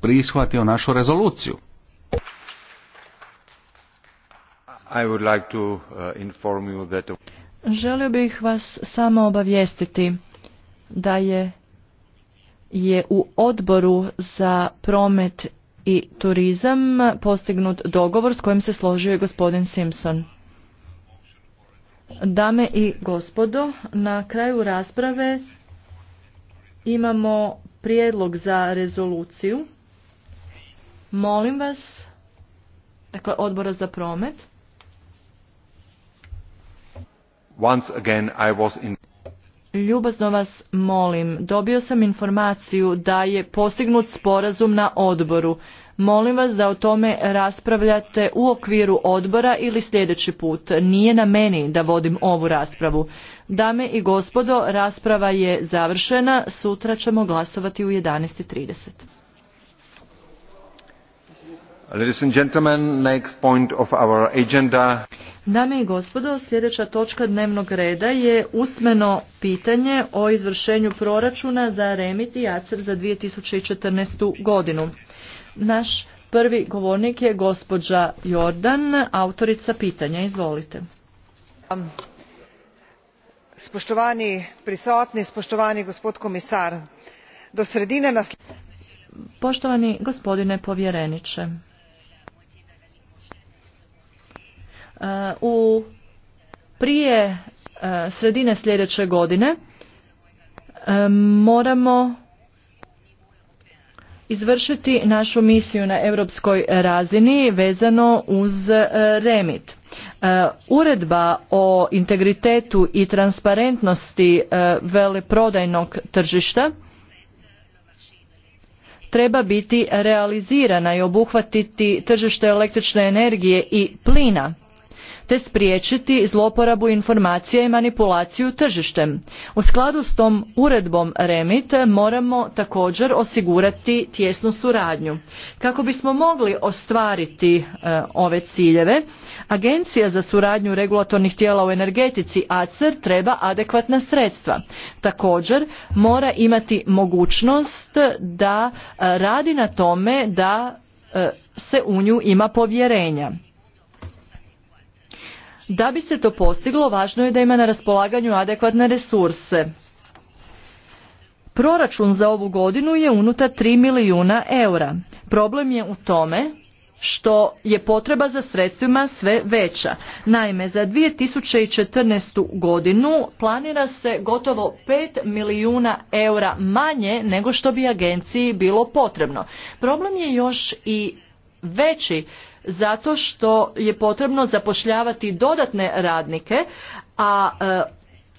prihvatio našu rezoluciju. I would uh, Želio bih vas samo obavijestiti da je, je u odboru za promet i turizam postignut dogovor s kojim se složio gospodin Simpson. Dame i gospodo, na kraju rasprave imamo prijedlog za rezoluciju. Molim vas, dakle odbora za promet. Ljubazno vas molim, dobio sam informaciju da je postignut sporazum na odboru. Molim vas da o tome raspravljate u okviru odbora ili sljedeći put. Nije na meni da vodim ovu raspravu. Dame i gospodo, rasprava je završena. Sutra ćemo glasovati u 11.30. Dame i gospodo, sljedeća točka dnevnog reda je usmeno pitanje o izvršenju proračuna za Remit i ACER za 2014. godinu. Naš prvi govornik je gospođa Jordan, autorica pitanja. Izvolite. Um, spoštovani prisotni, spoštovani gospod komisar, do sredine nas... Poštovani gospodine povjereniče, U prije e, sredine sljedeće godine e, moramo izvršiti našu misiju na europskoj razini vezano uz e, remit. Uredba o integritetu i transparentnosti veleprodajnog tržišta treba biti realizirana i obuhvatiti tržište električne energije i plina te spriječiti zloporabu informacija i manipulaciju tržištem. U skladu s tom uredbom REMIT moramo također osigurati tjesnu suradnju. Kako bismo mogli ostvariti e, ove ciljeve, Agencija za suradnju regulatornih tijela u energetici ACER treba adekvatna sredstva. Također mora imati mogućnost da e, radi na tome da e, se u nju ima povjerenja. Da bi se to postiglo, važno je da ima na raspolaganju adekvatne resurse. Proračun za ovu godinu je unutar 3 milijuna eura. Problem je u tome što je potreba za sredstvima sve veća. Naime, za 2014. godinu planira se gotovo 5 milijuna eura manje nego što bi agenciji bilo potrebno. Problem je još i veći zato što je potrebno zapošljavati dodatne radnike, a e,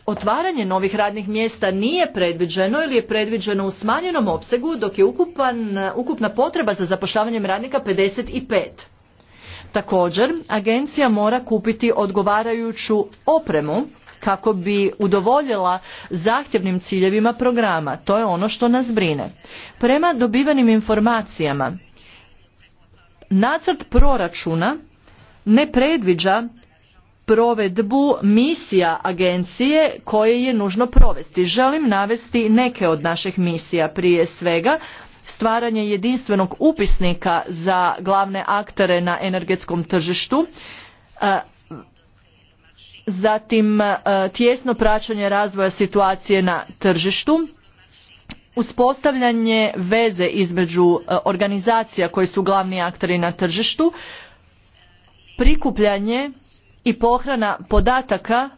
Otvaranje novih radnih mjesta nije predviđeno ili je predviđeno u smanjenom opsegu dok je ukupan, ukupna potreba za zapošljavanjem radnika 55. Također, agencija mora kupiti odgovarajuću opremu kako bi udovoljila zahtjevnim ciljevima programa. To je ono što nas brine. Prema dobivanim informacijama, nacrt proračuna ne predviđa provedbu misija agencije koje je nužno provesti. Želim navesti neke od naših misija prije svega stvaranje jedinstvenog upisnika za glavne aktere na energetskom tržištu, e, zatim e, tjesno praćenje razvoja situacije na tržištu, uspostavljanje veze između e, organizacija koji su glavni akteri na tržištu, prikupljanje i pohrana podataka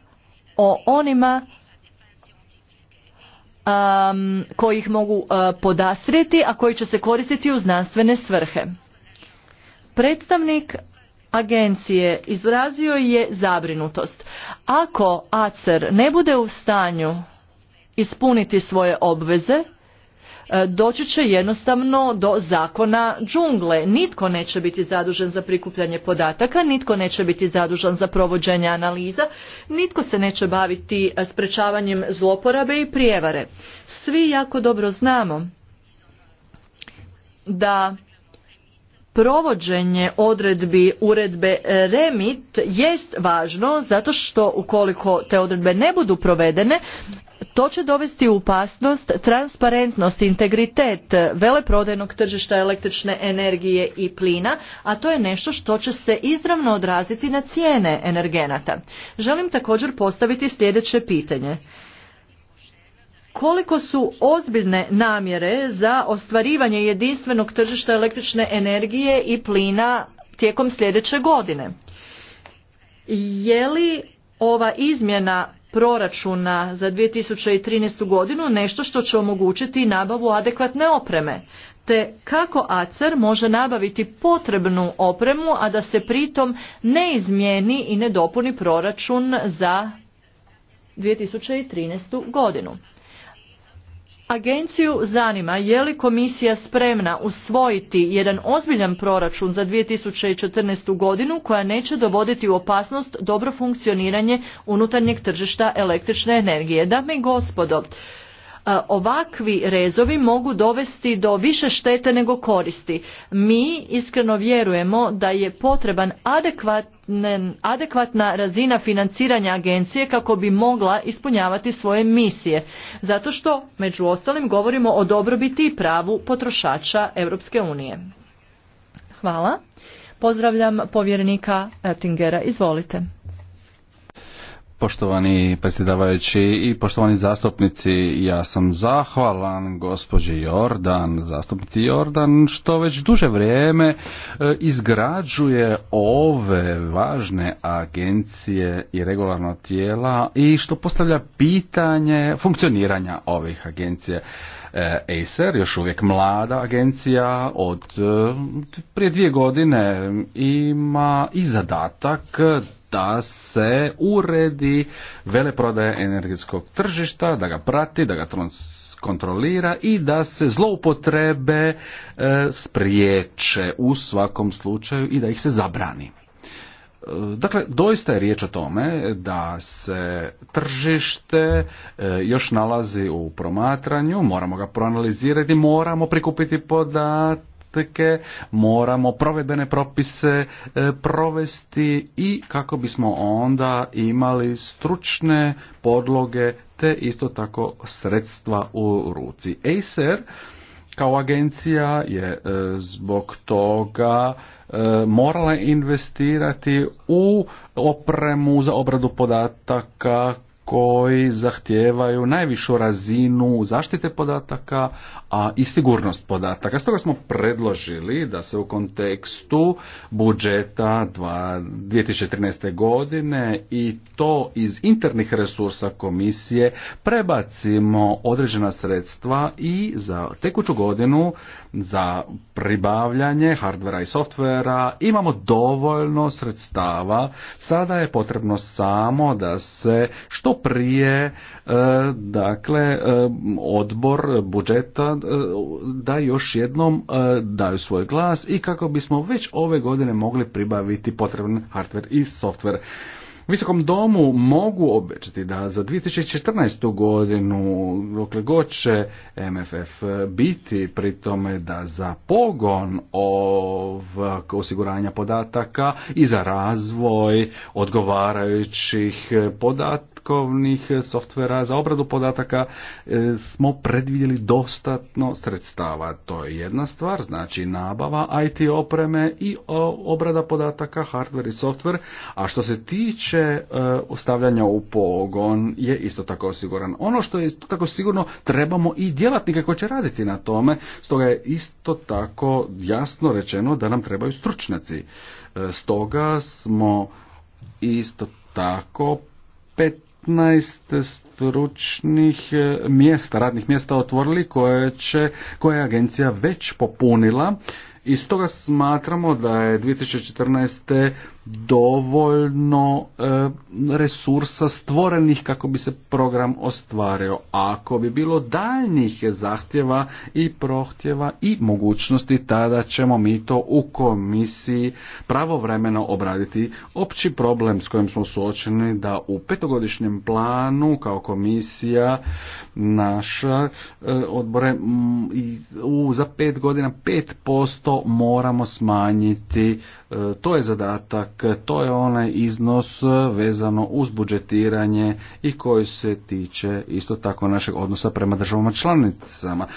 o onima um, koji ih mogu uh, podastrijeti, a koji će se koristiti u znanstvene svrhe. Predstavnik agencije izrazio je zabrinutost. Ako ACER ne bude u stanju ispuniti svoje obveze, E, doći će jednostavno do zakona džungle. Nitko neće biti zadužen za prikupljanje podataka, nitko neće biti zadužen za provođenje analiza, nitko se neće baviti e, sprečavanjem zloporabe i prijevare. Svi jako dobro znamo da provođenje odredbi uredbe REMIT jest važno zato što ukoliko te odredbe ne budu provedene to će dovesti u opasnost transparentnost, integritet e, veleprodajnog tržišta električne energije i plina, a to je nešto što će se izravno odraziti na cijene energenata. Želim također postaviti sljedeće pitanje koliko su ozbiljne namjere za ostvarivanje jedinstvenog tržišta električne energije i plina tijekom sljedeće godine je li ova izmjena proračuna za 2013. godinu nešto što će omogućiti nabavu adekvatne opreme te kako ACER može nabaviti potrebnu opremu, a da se pritom ne izmijeni i ne dopuni proračun za 2013. godinu. Agenciju zanima je li komisija spremna usvojiti jedan ozbiljan proračun za 2014. godinu koja neće dovoditi u opasnost dobro funkcioniranje unutarnjeg tržišta električne energije. Dame i gospodo, ovakvi rezovi mogu dovesti do više štete nego koristi. Mi iskreno vjerujemo da je potreban adekvatna razina financiranja agencije kako bi mogla ispunjavati svoje misije. Zato što, među ostalim, govorimo o dobrobiti i pravu potrošača Europske unije. Hvala. Pozdravljam povjerenika Ettingera. Izvolite. Poštovani predsjedavajući i poštovani zastupnici, ja sam zahvalan gospođi Jordan, zastupnici Jordan, što već duže vrijeme e, izgrađuje ove važne agencije i regularno tijela i što postavlja pitanje funkcioniranja ovih agencija. E, Acer, još uvijek mlada agencija od e, prije dvije godine, ima i zadatak da se uredi veleprodaja energetskog tržišta, da ga prati, da ga kontrolira i da se zloupotrebe e, spriječe u svakom slučaju i da ih se zabrani. E, dakle, doista je riječ o tome da se tržište e, još nalazi u promatranju, moramo ga proanalizirati, moramo prikupiti podatke, moramo provedbene propise e, provesti i kako bismo onda imali stručne podloge te isto tako sredstva u ruci. Acer kao agencija je e, zbog toga e, morala investirati u opremu za obradu podataka koji zahtijevaju najvišu razinu zaštite podataka a i sigurnost podataka. Stoga smo predložili da se u kontekstu budžeta 2013. godine i to iz internih resursa komisije prebacimo određena sredstva i za tekuću godinu za pribavljanje hardvera i softvera imamo dovoljno sredstava. Sada je potrebno samo da se što prije e, dakle e, odbor budžeta e, da još jednom daju svoj glas i kako bismo već ove godine mogli pribaviti potreban hardware i software. Visokom domu mogu obećati da za 2014. godinu dokle god će MFF biti pri tome da za pogon ovog osiguranja podataka i za razvoj odgovarajućih podataka podatkovnih e, softvera za obradu podataka e, smo predvidjeli dostatno sredstava. To je jedna stvar, znači nabava IT opreme i obrada podataka, hardware i software, a što se tiče e, stavljanja u pogon je isto tako osiguran. Ono što je isto tako sigurno trebamo i djelatnike koji će raditi na tome, stoga je isto tako jasno rečeno da nam trebaju stručnjaci. Stoga smo isto tako pet 15 stručnih eh, mjesta, radnih mjesta otvorili koje, će, koja je agencija već popunila i stoga smatramo da je 2014 dovoljno e, resursa stvorenih kako bi se program ostvario. Ako bi bilo daljnjih zahtjeva i prohtjeva i mogućnosti, tada ćemo mi to u komisiji pravovremeno obraditi. Opći problem s kojim smo suočeni da u petogodišnjem planu kao komisija naša e, odbore u, za pet godina 5% moramo smanjiti. E, to je zadatak to je onaj iznos vezano uz budžetiranje i koji se tiče isto tako našeg odnosa prema državama članicama.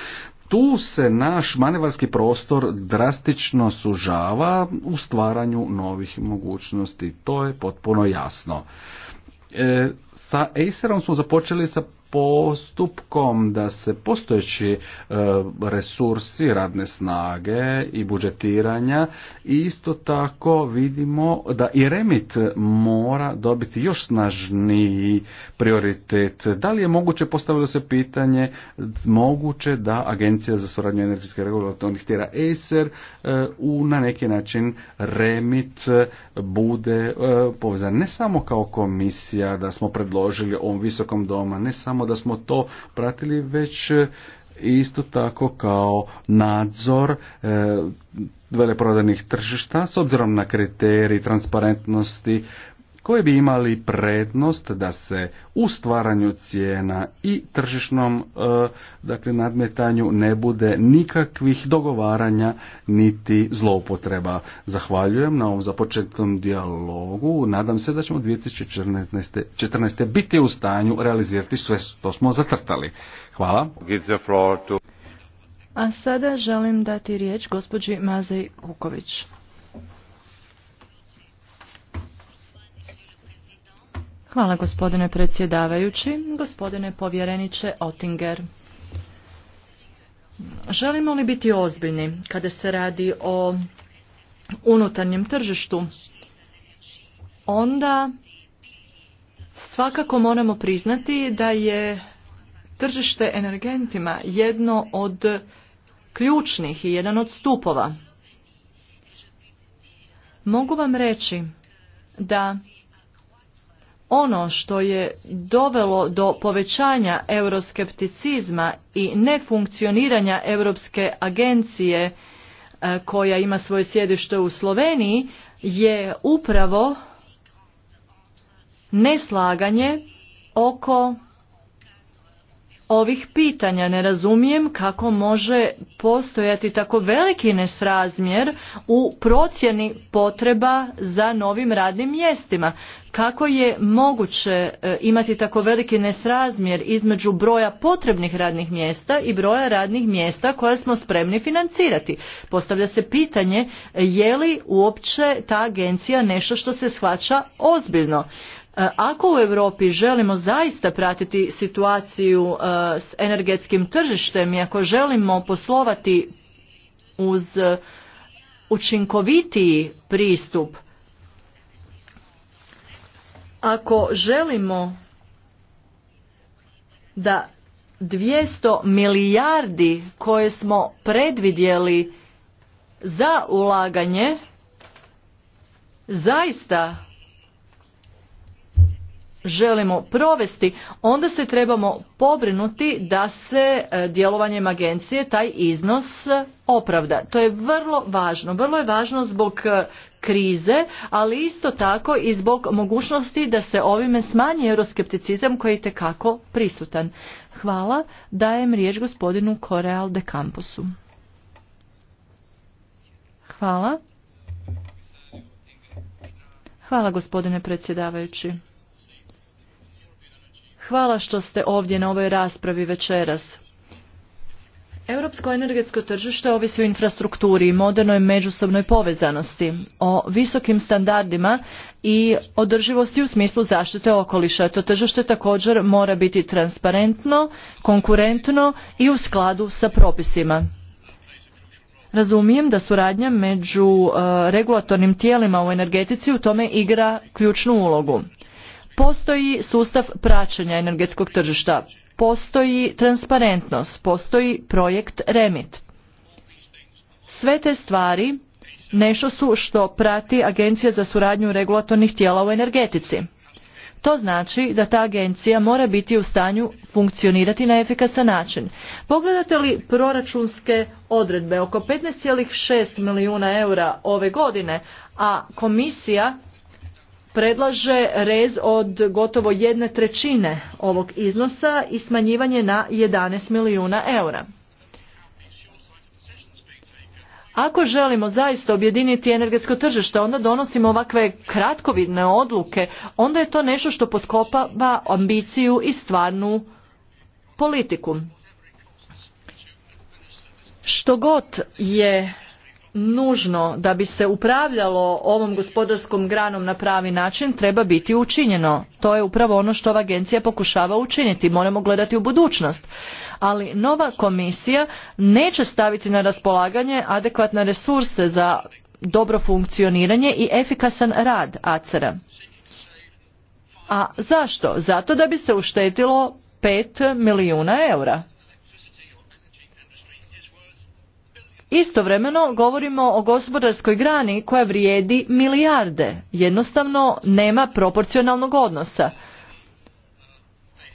Tu se naš manevarski prostor drastično sužava u stvaranju novih mogućnosti. To je potpuno jasno. E, sa Acerom smo započeli sa postupkom da se postojeći e, resursi radne snage i budžetiranja i isto tako vidimo da i remit mora dobiti još snažniji prioritet. Da li je moguće, postavilo se pitanje, moguće da Agencija za suradnju energetske regulatornih tijela ESER e, u na neki način remit bude e, povezan ne samo kao komisija da smo predložili ovom visokom doma, ne samo samo da smo to pratili, već e, isto tako kao nadzor e, veleprodajnih tržišta s obzirom na kriterij transparentnosti koje bi imali prednost da se u stvaranju cijena i tržišnom e, dakle, nadmetanju ne bude nikakvih dogovaranja niti zloupotreba. Zahvaljujem na ovom započetnom dijalogu. Nadam se da ćemo 2014. 14. biti u stanju realizirati sve što smo zatrtali. Hvala. A sada želim dati riječ gospođi Mazej Kuković. Hvala gospodine predsjedavajući, gospodine povjereniče Ottinger. Želimo li biti ozbiljni kada se radi o unutarnjem tržištu, onda svakako moramo priznati da je tržište energentima jedno od ključnih i jedan od stupova. Mogu vam reći da ono što je dovelo do povećanja euroskepticizma i nefunkcioniranja Europske agencije e, koja ima svoje sjedište u Sloveniji je upravo neslaganje oko ovih pitanja. Ne razumijem kako može postojati tako veliki nesrazmjer u procjeni potreba za novim radnim mjestima. Kako je moguće e, imati tako veliki nesrazmjer između broja potrebnih radnih mjesta i broja radnih mjesta koja smo spremni financirati? Postavlja se pitanje je li uopće ta agencija nešto što se shvaća ozbiljno. E, ako u Europi želimo zaista pratiti situaciju e, s energetskim tržištem i ako želimo poslovati uz e, učinkovitiji pristup, ako želimo da 200 milijardi koje smo predvidjeli za ulaganje zaista želimo provesti, onda se trebamo pobrinuti da se e, djelovanjem agencije taj iznos e, opravda. To je vrlo važno. Vrlo je važno zbog e, krize, ali isto tako i zbog mogućnosti da se ovime smanji euroskepticizam koji je tekako prisutan. Hvala. Dajem riječ gospodinu Koreal de Camposu. Hvala. Hvala gospodine predsjedavajući. Hvala što ste ovdje na ovoj raspravi večeras. Europsko energetsko tržište ovisi o infrastrukturi i modernoj međusobnoj povezanosti, o visokim standardima i održivosti u smislu zaštite okoliša. To tržište također mora biti transparentno, konkurentno i u skladu sa propisima. Razumijem da suradnja među e, regulatornim tijelima u energetici u tome igra ključnu ulogu. Postoji sustav praćenja energetskog tržišta, postoji transparentnost, postoji projekt REMIT. Sve te stvari nešto su što prati Agencija za suradnju regulatornih tijela u energetici. To znači da ta agencija mora biti u stanju funkcionirati na efikasan način. Pogledate li proračunske odredbe, oko 15,6 milijuna eura ove godine, a komisija predlaže rez od gotovo jedne trećine ovog iznosa i smanjivanje na 11 milijuna eura. Ako želimo zaista objediniti energetsko tržište, onda donosimo ovakve kratkovidne odluke, onda je to nešto što potkopava ambiciju i stvarnu politiku. Što god je nužno da bi se upravljalo ovom gospodarskom granom na pravi način treba biti učinjeno. To je upravo ono što ova agencija pokušava učiniti. Moramo gledati u budućnost. Ali nova komisija neće staviti na raspolaganje adekvatne resurse za dobro funkcioniranje i efikasan rad ACER-a. A zašto? Zato da bi se uštetilo 5 milijuna eura. Istovremeno govorimo o gospodarskoj grani koja vrijedi milijarde. Jednostavno nema proporcionalnog odnosa.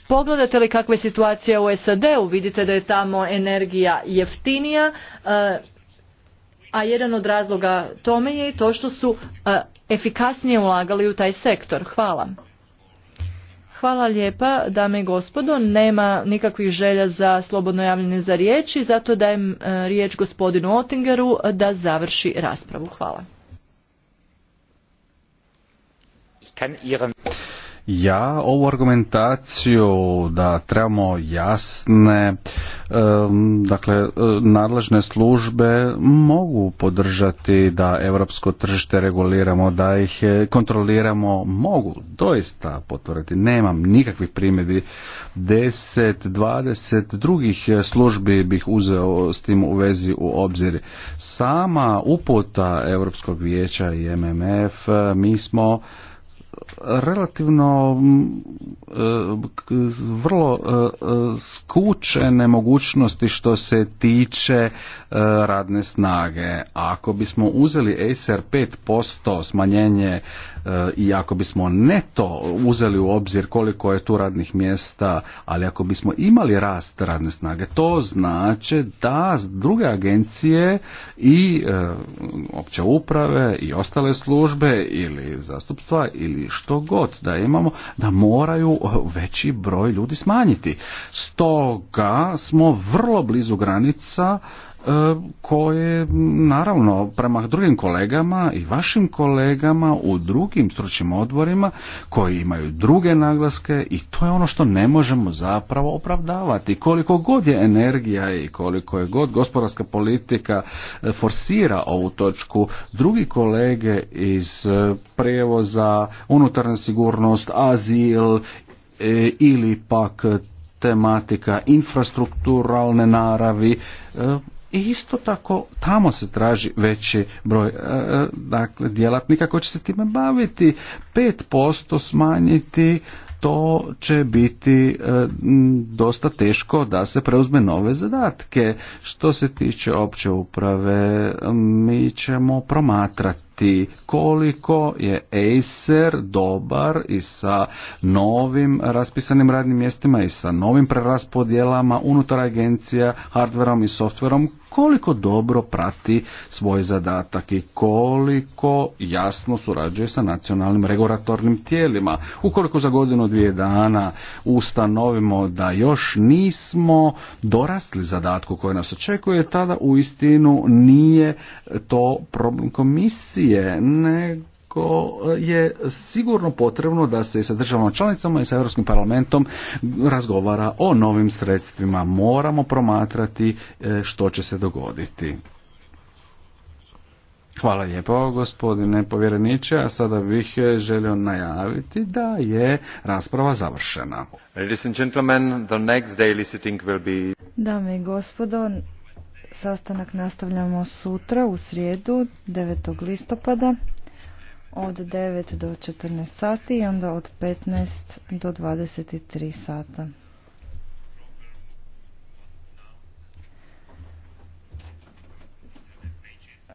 Pogledate li kakva je situacija u SAD-u, vidite da je tamo energija jeftinija, e, a jedan od razloga tome je i to što su e, efikasnije ulagali u taj sektor. Hvala. Hvala lijepa, dame i gospodo. Nema nikakvih želja za slobodno javljanje za riječi, zato dajem e, riječ gospodinu Otingeru da završi raspravu. Hvala. Ja ovu argumentaciju da trebamo jasne dakle nadležne službe mogu podržati da europsko tržište reguliramo, da ih e, kontroliramo, mogu doista potvrditi. Nemam nikakvih primjedbi. 10, 20 drugih e, službi bih uzeo s tim u vezi u obzir. Sama uputa Europskog vijeća i MMF e, mi smo relativno mm, e, vrlo e, skučene mogućnosti što se tiče e, radne snage. Ako bismo uzeli ACR 5% smanjenje E, i ako bismo ne to uzeli u obzir koliko je tu radnih mjesta, ali ako bismo imali rast radne snage, to znači da druge agencije i e, opće uprave i ostale službe ili zastupstva ili što god da imamo, da moraju veći broj ljudi smanjiti. Stoga smo vrlo blizu granica E, koje naravno prema drugim kolegama i vašim kolegama u drugim stručnim odborima koji imaju druge naglaske i to je ono što ne možemo zapravo opravdavati. Koliko god je energija i koliko je god gospodarska politika e, forsira ovu točku, drugi kolege iz e, prijevoza, unutarnja sigurnost, azil ili pak tematika infrastrukturalne naravi i isto tako tamo se traži veći broj e, e, dakle, djelatnika koji će se time baviti. 5% smanjiti to će biti e, dosta teško da se preuzme nove zadatke. Što se tiče opće uprave, mi ćemo promatrati koliko je Acer dobar i sa novim raspisanim radnim mjestima i sa novim preraspodjelama unutar agencija, hardverom i softverom koliko dobro prati svoj zadatak i koliko jasno surađuje sa nacionalnim regulatornim tijelima. Ukoliko za godinu dvije dana ustanovimo da još nismo dorasli zadatku koji nas očekuje, tada u istinu nije to problem komisije, nego Eh, je sigurno potrebno da se i sa državama članicama i sa Europskim parlamentom razgovara o novim sredstvima. Moramo promatrati eh, što će se dogoditi. Hvala lijepo gospodine povjereniče, a sada bih eh, želio najaviti da je rasprava završena. Dame i gospodo, sastanak nastavljamo sutra u srijedu 9. listopada od 9 do 14 sati i onda od 15 do 23 sata.